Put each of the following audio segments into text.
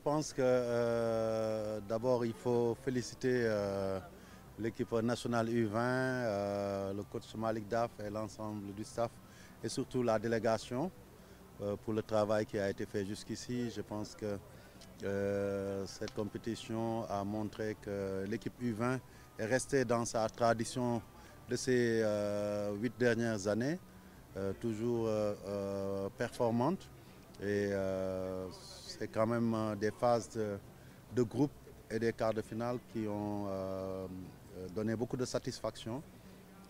Je pense que euh, d'abord il faut féliciter euh, l'équipe nationale U20, euh, le coach Malik Daf et l'ensemble du staff et surtout la délégation pour le travail qui a été fait jusqu'ici. Je pense que cette compétition a montré que l'équipe U20 est restée dans sa tradition de ces huit dernières années, toujours performante. Et euh, c'est quand même euh, des phases de, groupe et des quarts de finale qui ont euh, donné beaucoup de satisfaction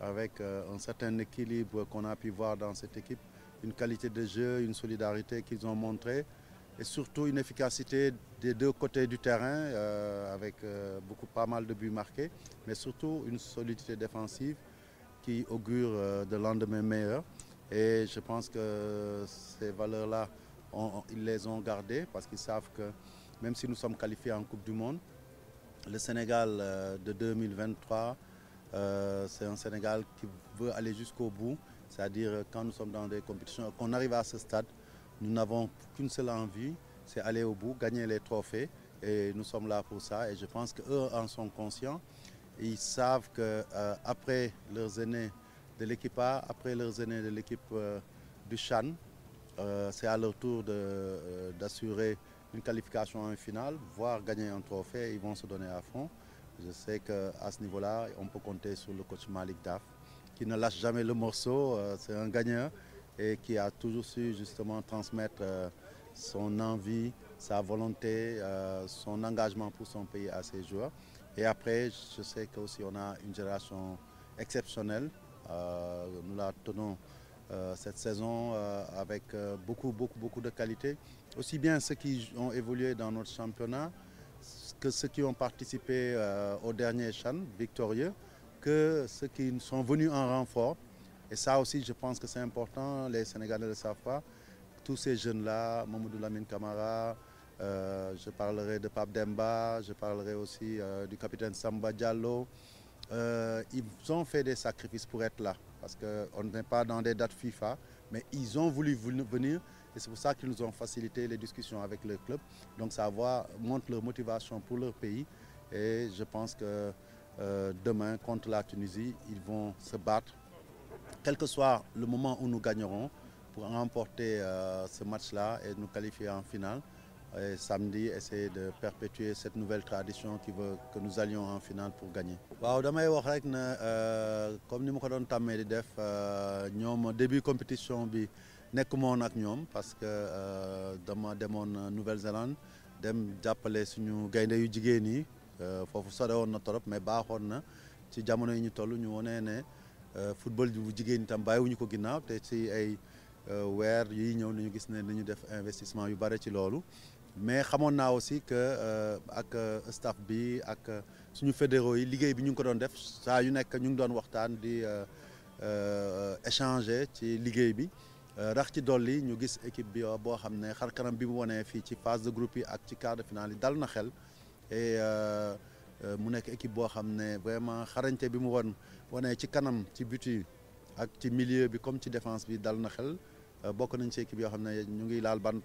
avec un certain équilibre qu'on a pu voir dans cette équipe, une qualité de jeu, une solidarité qu'ils ont montrée et surtout une efficacité des deux côtés du terrain avec beaucoup pas mal de buts marqués, mais surtout une solidité défensive qui augure de lendemain meilleur. Et je pense que ces valeurs-là ils les ont gardés parce qu'ils savent que même si nous sommes qualifiés en Coupe du Monde, le Sénégal euh, de 2023, euh, c'est un Sénégal qui veut aller jusqu'au bout. C'est-à-dire euh, quand nous sommes dans des compétitions, on arrive à ce stade, nous n'avons qu'une seule envie, c'est aller au bout, gagner les trophées. Et nous sommes là pour ça. Et je pense qu'eux en sont conscients. Ils savent qu'après après leurs aînés de l'équipe A, après leurs aînés de l'équipe du Chan, euh, c'est à leur tour euh, d'assurer une qualification en finale, voire gagner un trophée. Ils vont se donner à fond. Je sais qu'à ce niveau-là, on peut compter sur le coach Malik Daf, qui ne lâche jamais le morceau. Euh, c'est un gagnant et qui a toujours su justement transmettre son envie, sa volonté, son engagement pour son pays à ses joueurs. Et après, je sais on a une génération exceptionnelle. nous la tenons euh, cette saison euh, avec euh, beaucoup, beaucoup, beaucoup de qualités, Aussi bien ceux qui ont évolué dans notre championnat que ceux qui ont participé au dernier Chan victorieux, que ceux qui sont venus en renfort. Et ça aussi, je pense que c'est important, les Sénégalais le savent pas. Tous ces jeunes-là, Mamoudou Lamine Kamara, je parlerai de Pape Demba, je parlerai aussi du capitaine Samba Diallo, euh, ils ont fait des sacrifices pour être là, parce qu'on n'est pas dans des dates FIFA, mais ils ont voulu venir et c'est pour ça qu'ils nous ont facilité les discussions avec le club. Donc ça montre leur motivation pour leur pays et je pense que euh, demain, contre la Tunisie, ils vont se battre, quel que soit le moment où nous gagnerons, pour remporter euh, ce match-là et nous qualifier en finale et samedi essayer de perpétuer cette nouvelle tradition qui veut que nous allions en finale pour gagner. Euh, comme nous avons de compétition parce que euh, avons en Nouvelle-Zélande dem avons suñu yu jigéen yi euh, mais nous na ci jamono yi ñu football bu jigéen ci investissement mais xamoon naa aussi que euh, ak euh, staff bi ak euh, suñu fédéraux yi liggéey bi ñu ko doon def saa yu nek ñu ngi doon waxtaan di euh, échanger ci liggéey bi rax ci doli ñu gis équipe bi bo xamné xar kanam bi mu woné fi ci phase de groupe yi ak ci quart de finale dal na xel et euh, mu nek équipe bo xamné vraiment xarañte bi mu won woné ci kanam ci but yi ak ci milieu bi comme ci défense bi dal na xel bokk nañ ci équipe yo xamné ñu ngi laal bant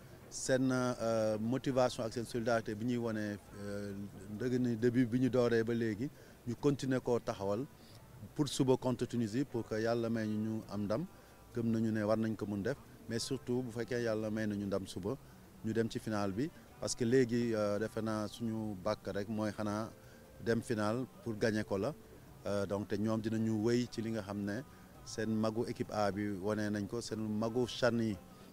seen euh, motivation ak seen solidarité bi ñuy wane ndëgg euh, ni début bi ñu dooree ba léegi ñu continuer ko taxawal pour suba contre Tunisie pour que yàlla may ñu am ndam gëm nañu ne war nañ ko mun def mais surtout bu fekkee yàlla may nañu ndam suba ñu dem ci final bi parce que léegi euh, defe naa suñu bàkk rek mooy xanaa dem final pour gagner ko la donc te ñoom dinañu wéy ci li nga xam ne seen magu équipe A bi wane nañ ko seen magu CHAN yi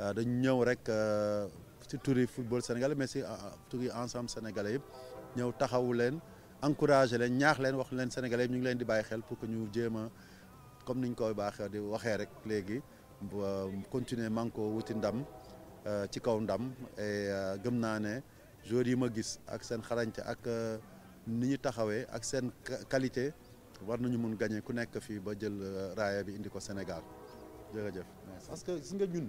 Euh, dañu ñëw rek euh, ci turi football sénégalais mais ci euh, turi ensemble sénégalais yëpp ñëw taxawu leen encouragé leen ñaax leen wax leen sénégalais ñu ngi leen di bàyyi xel ñu jéem a comme niñ koy baax di waxee rek léegi continuer manko wuti ndam ci kaw ndam et gëm naa ne joueurs yi ma gis ak seen xarañte ak ni ñu taxawee ak seen qualité war nañu mun gañe ku nekk fii ba jël raaya bi indi ko Sénégal jërëjëf parce que gis nga ñun